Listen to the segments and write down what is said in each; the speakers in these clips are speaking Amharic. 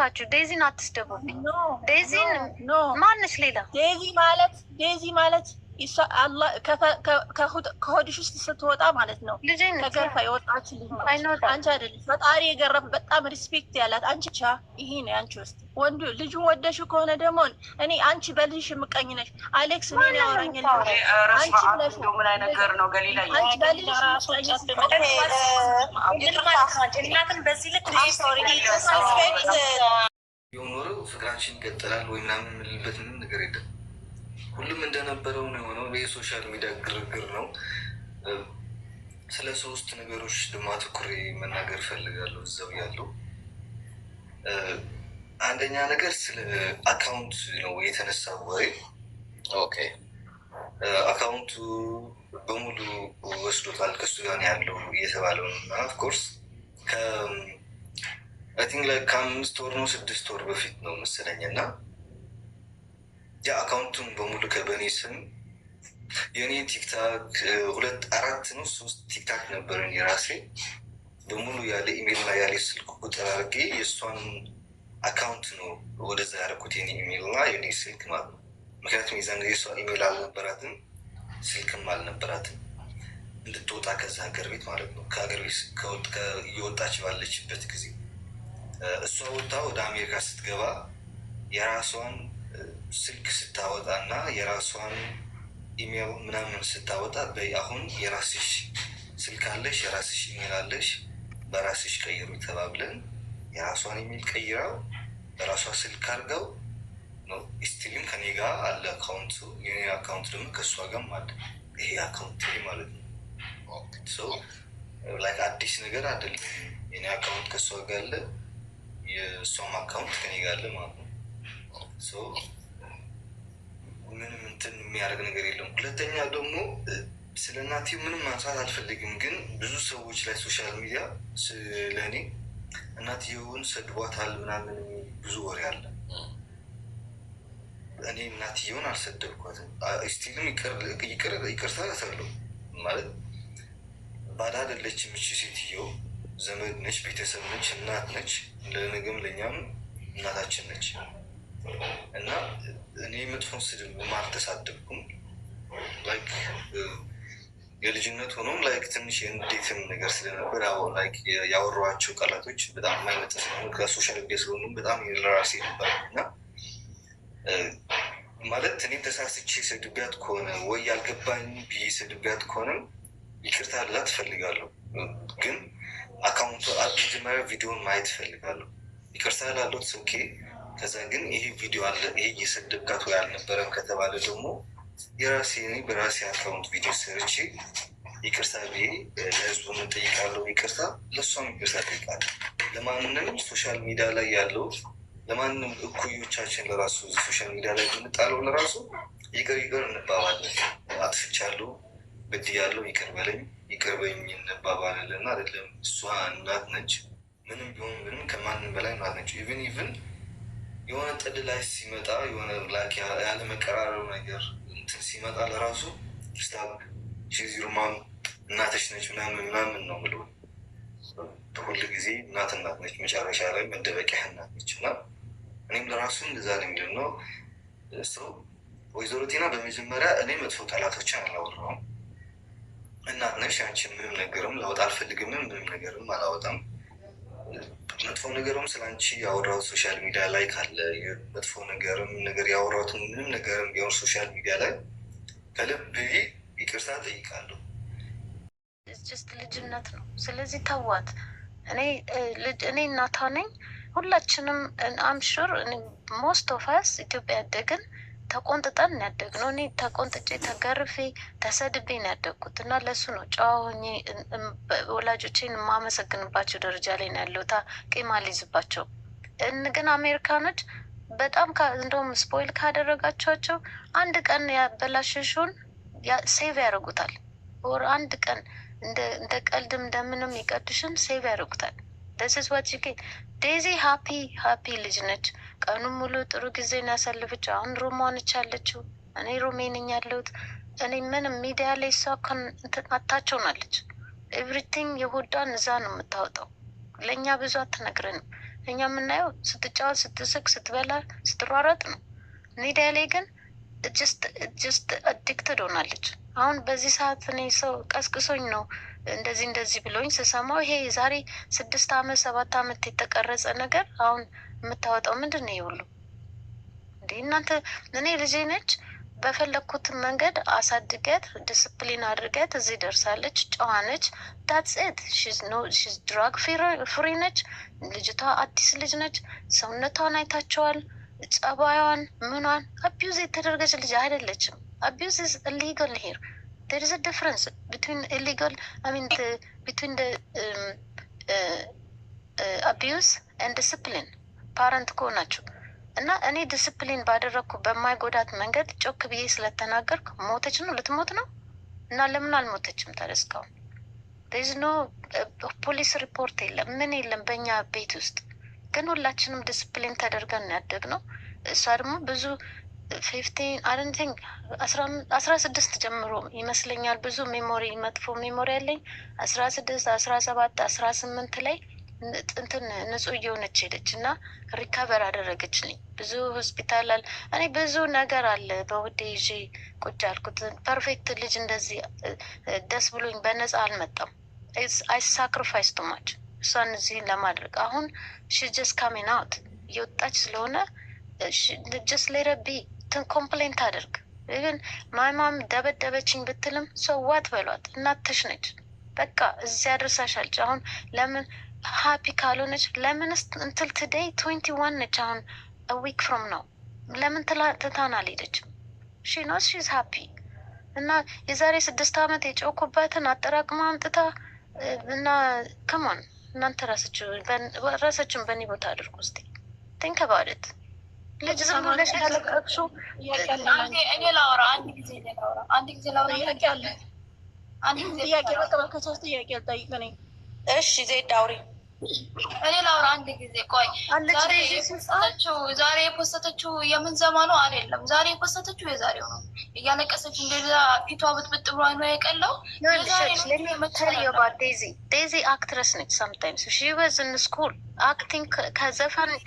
እባካችሁ ዴዚን አትስደቡብኝ። ዴዚን ማንሽ ሌላ ዴዚ ማለት ዴዚ ማለት ከሆድሽ ውስጥ ስትወጣ ማለት ነው። ከገርፋ የወጣች ልጅ አንቺ አይደለሽ። ፈጣሪ የገረፍ በጣም ሪስፔክት ያላት አንቺ ቻ ይሄ ነው አንቺ ውስጥ ወንዱ ልጁ ወደሽ ከሆነ ደግሞ እኔ አንቺ በልጅሽ የምቀኝ ነሽ። አሌክስ ምን ያወራኛል? አንቺ ምን ነገር ነው ገሊላ አንቺ በልጅሽ እናትን በዚህ ልክ ሪስፔክት ስራችን ይቀጥላል ወይ ምናምን የምልበት ምንም ነገር የለም። ሁሉም እንደነበረው ነው የሆነው። የሶሻል ሚዲያ ግርግር ነው። ስለ ሶስት ነገሮች ድማ አትኩሬ መናገር ፈልጋለሁ እዛው ያለው። አንደኛ ነገር ስለ አካውንት ነው የተነሳ ወሬ። ኦኬ አካውንቱ በሙሉ ወስዶታል ከሱ ጋር ያለው እየተባለው ኦፍኮርስ ቲንክ ላይ ከአምስት ወር ነው ስድስት ወር በፊት ነው መሰለኝ እና የአካውንቱን በሙሉ ከበኔ ስም የእኔ ቲክታክ ሁለት አራት ነው ሶስት ቲክታክ ነበረኝ የራሴ በሙሉ ያለ ኢሜል ኢሜልና ያለ ስልክ ቁጥር አድርጌ የእሷን አካውንት ነው ወደዛ ያደረኩት የኔ ኢሜል ኢሜልና የኔ ስልክ ማለት ነው። ምክንያቱም የዛን ጊዜ እሷ ኢሜል አልነበራትም ስልክም አልነበራትም እንድትወጣ ከዛ ሀገር ቤት ማለት ነው ከሀገር ቤት እየወጣች ባለችበት ጊዜ እሷ ወጣ ወደ አሜሪካ ስትገባ የራሷን ስልክ ስታወጣ እና የራሷን ኢሜል ምናምን ስታወጣ በይ አሁን የራስሽ ስልክ አለሽ፣ የራስሽ ኢሜል አለሽ፣ በራስሽ ቀይሩ ተባብለን የራሷን ኢሜል ቀይረው በራሷ ስልክ አድርገው ነው። ስትሪም ከኔ ጋ አለ አካውንቱ፣ የኔ አካውንት ደግሞ ከእሷ ጋር አለ። ይሄ አካውንት ማለት ነው ላይ አዲስ ነገር አይደለም። የኔ አካውንት ከእሷ ጋ አለ የእሷም አካውንት ከኔ ጋር አለ ማለት ነው። ምንም እንትን የሚያደርግ ነገር የለም። ሁለተኛ ደግሞ ስለ እናቴ ምንም ማንሳት አልፈልግም፣ ግን ብዙ ሰዎች ላይ ሶሻል ሚዲያ ስለ እኔ እናትየውን ሰድቧታል ምናምን ብዙ ወሬ አለ። እኔ እናትየውን አልሰደብኳትም። ስቲልም ይቅርታ እሰራለሁ ማለት ባላደለች አይደለችም ሴትየው ዘመድ ነች፣ ቤተሰብ ነች፣ እናት ነች። ለነገም ለእኛም እናታችን ነች እና እኔ መጥፎ ስድብ አልተሳደብኩም። ላይክ የልጅነት ሆኖም ላይክ ትንሽ የእንዴትም ነገር ስለነበር ላይክ ያወራኋቸው ቃላቶች በጣም የማይመጣ ስለሆኑ ከሶሻል ሚዲያ ስለሆኑ በጣም ለራሴ ነበር እና ማለት እኔ ተሳስቼ ስድቢያት ከሆነ ወይ ያልገባኝ ብዬ ስድቢያት ከሆነም ይቅርታ ላ ትፈልጋለሁ ግን አካውንቱ መጀመሪያ ቪዲዮን ማየት ይፈልጋሉ። ይቅርታ ላሉት ስልኬ ከዛ ግን ይሄ ቪዲዮ አለ ይሄ የሰደብካት ወይ አልነበረም ከተባለ ደግሞ የራሴ በራሴ አካውንት ቪዲዮ ሰርቼ ይቅርታ ብዬ ለህዝቡን ጠይቃለሁ። ይቅርታ ለእሷም ይቅርታ ጠይቃለሁ። ለማንም ሶሻል ሚዲያ ላይ ያለው ለማንም እኩዮቻችን ለራሱ ሶሻል ሚዲያ ላይ የምንጣለው ለራሱ ይቅር ይቅር እንባባለን። አጥፍቻለሁ፣ በድያለሁ፣ ይቅር በለኝ ይቅርበኝ እንባባላለን እና አይደለም እሷ እናት ነች። ምንም ቢሆን ምንም ከማንም በላይ እናት ነች። ኢቨን ኢቨን የሆነ ጥድ ላይ ሲመጣ የሆነ ላኪ ያለመቀራረብ ነገር እንትን ሲመጣ ለራሱ ስታክ ሽዚሩማም እናተች ነች ምናምን ምናምን ነው ብሎ ሁል ጊዜ እናት እናት ነች፣ መጨረሻ ላይ መደበቂያ እናት ነች። እና እኔም ለራሱ እንደዛ ነው የሚል ነው ሰው ወይዘሮ ቲና በመጀመሪያ እኔ መጥፎ ጠላቶችን አላወራውም እናት ነሽ አንቺ። ምንም ነገርም ለወጥ አልፈልግም፣ ምንም ነገርም አላወጣም። መጥፎ ነገርም ስለ አንቺ ያወራሁት ሶሻል ሚዲያ ላይ ካለ መጥፎ ነገርም ነገር ያወራሁት ምንም ነገርም ቢሆን ሶሻል ሚዲያ ላይ ከልብ ይቅርታ ጠይቃለሁ። ስ ልጅነት ነው። ስለዚህ ተዋት። እኔ እኔ እናቷ ነኝ። ሁላችንም አምሹር ሞስት ኦፍ አስ ኢትዮጵያ ያደግን ተቆንጥጠን ነው ያደግነው። እኔ ተቆንጥጬ ተገርፌ ተሰድቤ ነው ያደግኩት እና ለሱ ነው ጨዋ ሆኜ ወላጆቼን የማመሰግንባቸው ደረጃ ላይ ነው ታ ቂም አልይዝባቸው። ግን አሜሪካኖች በጣም እንደውም ስፖይል ካደረጋቸዋቸው አንድ ቀን ያበላሸሹን ሴቭ ያደርጉታል። ወር አንድ ቀን እንደ ቀልድም እንደምንም ይቀድሽን ሴቭ ያደርጉታል። ደስስዋች ግን ዴዚ ሀፒ ሀፒ ልጅ ነች። ቀኑን ሙሉ ጥሩ ጊዜን ያሳልፍች። አሁን ሮም ዋነች ያለችው እኔ ሮሜ ነኝ ያለሁት እኔ ምንም ሚዲያ ላይ እሷ አታቸው ናለች። ኤቭሪቲንግ የሆዷን እዛ ነው የምታወጣው። ለእኛ ብዙ አትነግረንም። እኛ የምናየው ስትጫወት፣ ስትስቅ፣ ስትበላ፣ ስትሯረጥ ነው። ሚዲያ ላይ ግን ጀስት አዲክትድ ሆናለች። አሁን በዚህ ሰዓት እኔ ሰው ቀስቅሶኝ ነው እንደዚህ እንደዚህ ብሎኝ ስሰማው ይሄ የዛሬ ስድስት አመት ሰባት አመት የተቀረጸ ነገር አሁን የምታወጣው ምንድን ነው? ይውሉ እንዴ እናንተ እኔ ልጄ ነች። በፈለግኩት መንገድ አሳድገት ዲስፕሊን አድርገት እዚህ ደርሳለች። ጨዋ ነች። ዳትስ ኢት ድራግ ፍሪ ነች ልጅቷ። አዲስ ልጅ ነች። ሰውነቷን አይታቸዋል። ጸባዩዋን ምኗን አቢዩዝ የተደረገች ልጅ አይደለችም። አቢዩዝ ኢዝ ኢሊጋል ሄር ዜር ኢዝ ዲፍረንስ ቢትዊን ኢሊጋል አሚን ቢትዊን አቢዩዝ ኤንድ ዲስፕሊን ፓረንት ኮ ናቸው እና እኔ ዲስፕሊን ባደረግኩ በማይጎዳት መንገድ ጮክ ብዬ ስለተናገርኩ ሞተች ነው ልትሞት ነው እና ለምን አልሞተችም? ታዲያ እስካሁን ኖ ፖሊስ ሪፖርት የለም ምን የለም በእኛ ቤት ውስጥ ግን ሁላችንም ዲስፕሊን ተደርገን ያደግ ነው። እሷ ደግሞ ብዙ ፊፍቲን አረንቲንግ አስራ ስድስት ጀምሮ ይመስለኛል ብዙ ሜሞሪ መጥፎ ሜሞሪ ያለኝ አስራ ስድስት አስራ ሰባት አስራ ስምንት ላይ ጥንትን ንጹህ እየሆነች ሄደች እና ሪካቨር አደረገች አደረገችልኝ። ብዙ ሆስፒታል አለ። እኔ ብዙ ነገር አለ በውዴ ይዤ ቁጭ አልኩት። ፐርፌክት ልጅ እንደዚህ ደስ ብሎኝ በነፃ አልመጣም። አይ ሳክሪፋይስ ቱማች እሷን እዚህን ለማድረግ አሁን ሽጀስ ካሜን አውት እየወጣች ስለሆነ ጀስ ሌረቢ ትን ኮምፕሌንት አድርግ። ግን ማይማም ደበደበችኝ ብትልም ሰዋት በሏት። እናትሽ ነች። በቃ እዚያ አድርሳሻለች። አሁን ለምን ሀፒ ካልሆነች ለምንስ እንትል ትደይ ትዌንቲ ዋን ነች። አሁን ዊክ ፍሮም ነው ለምን ትታን አልሄደችም? ሺ ኖስ ሺዝ ሀፒ እና የዛሬ ስድስት ዓመት የጨውኩበትን አጠራቅማ አምጥታ እና ከሞን እናንተ ራሳችን በእኔ ቦታ አድርጉ እስቲ ቲንክ ልጅ ዝም ብለሽ ያለቀሱ እኔ ላውራ አንድ ጊዜ ላውራ አንድ ጊዜ ላውራ ጥያቄ አለ። አንድ ጥያቄ በቃ ጥያቄ ነኝ። እሺ ዜድ እኔ ላውራ አንድ ጊዜ ቆይ። ዛሬ የፖስተተችው የምን ዘማኑ አይደለም። ዛሬ የፖስተተችው የዛሬው ነው። እያለቀሰች እንደዛ ፊቷ ብጥብጥ ብሎ አይኗ የቀለው ዴዚ አክትረስ ነች። ሺ ወዝ ኢን ስኩል አክቲንግ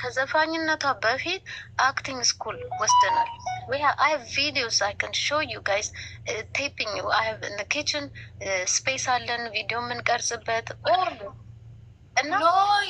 ከዘፋኝነቷ በፊት አክቲንግ ስኩል ወስደናል። አይ ቪዲዮስ አይ ዩ ጋይስ ቴፒንግ ኪችን ስፔስ አለን ቪዲዮ የምንቀርጽበት ኖ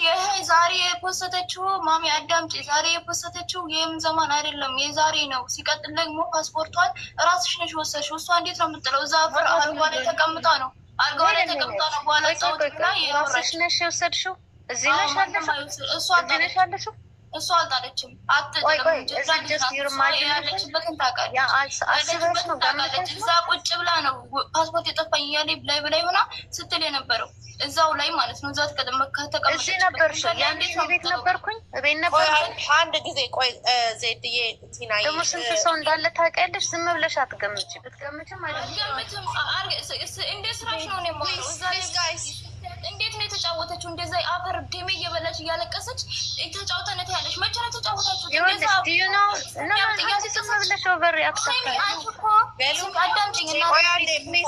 ይሄ ዛሬ የፖሰተችው ማሚ አዳምጪ፣ ዛሬ የፖሰተችው ይህም ዘመን አይደለም፣ የዛሬ ነው። ሲቀጥል ደግሞ ፓስፖርቷን እራስሽ ነሽ ወሰድሽው። እሷ እንዴት ነው የምጥለው? እዛ ብር አልጋ ላይ ተቀምጣ ነው አልጋ ላይ ተቀምጣ ነው። በኋላ ጸውትና የራስሽ ነሽ የወሰድሽው። እዚህ ነሽ አለሽው፣ እሷ ነሽ አለሽው እሷ አልጣለችም። አትጣለችበትንታቃለች እዛ ቁጭ ብላ ነው ፓስፖርት የጠፋኝ እያለ ላይ በላይ ሆና ስትል የነበረው እዛው ላይ ማለት ነው። እዛ ተቀመጠች ነበርኩኝ ቤት ነበርኩኝ። አንድ ጊዜ ቆይ ዜድዬ ደግሞ ስንት ሰው እንዳለ ታውቂያለሽ። ዝም ብለሽ አትገምችም። ብትገምችም እንደ ስራሽ ነው። እንዴት ነው የተጫወተችው? እንደዛ አፈር ደሜ እየበላች እያለቀሰች ተጫውተነት ያለች መቼ ነው የተጫወተችው? አዳምጪኝ እና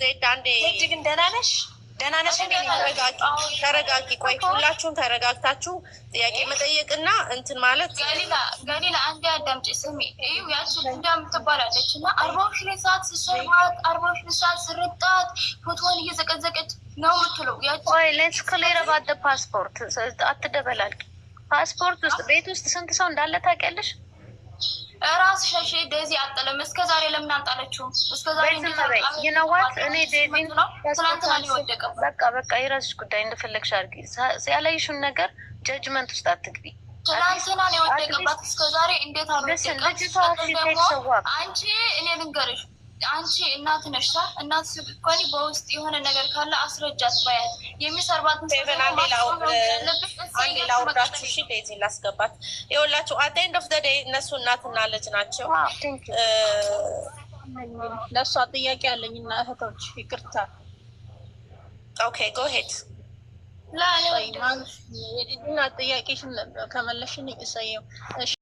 ዘይት አንዴ ደህና እንደናነሽ ደህና ነሽ? ተረጋጊ። ቆይ ሁላችሁም ተረጋግታችሁ ጥያቄ መጠየቅና እንትን ማለት ገሊላ አንዴ አዳምጪ፣ ስሚ። ያቺ ልዳ የምትባላለች እና አርባ ሁለት ሰዓት ስሰዋት አርባ ሁለት ሰዓት ስርጣት ፎቶን እየዘቀዘቀች ነው የምትለው። ቆይ ሌትስ ክሊር አባት ፓስፖርት አትደበላልቂ። ፓስፖርት ውስጥ ቤት ውስጥ ስንት ሰው እንዳለ ታውቂያለሽ? እራስ ሸሽ ዴዚ አጠለም እስከ ዛሬ ለምን አልጣለችውም? እስከ ዛሬ ይነዋት እኔ ዴዚን ትናንትና ሊወደቀም በቃ በቃ የራስሽ ጉዳይ እንደፈለግሽ አድርጊ። ያላየሽውን ነገር ጀጅመንት ውስጥ አትግቢ። ትናንትና ነው የወደቀባት። እስከ ዛሬ እንዴት አልወደቀም? አንቺ እኔ ልንገርሽ፣ አንቺ እናት ነሽ። እናት ስትኮኒ በውስጥ የሆነ ነገር ካለ አስረጃት፣ ባያት የሚሰርባትን ሰ ለብሽ ላውርዳችሁ። እሺ ዴዚ ላስገባት። ይኸውላችሁ አት ኤንድ ኦፍ ዘ ዴይ እነሱ እናትና ልጅ ናቸው። ah, uh, ለእሷ ጥያቄ አለኝ እና እህቶች ይቅርታ። ኦኬ ጎ ሄድ የዲና ጥያቄሽን ከመለሽን እሰየው።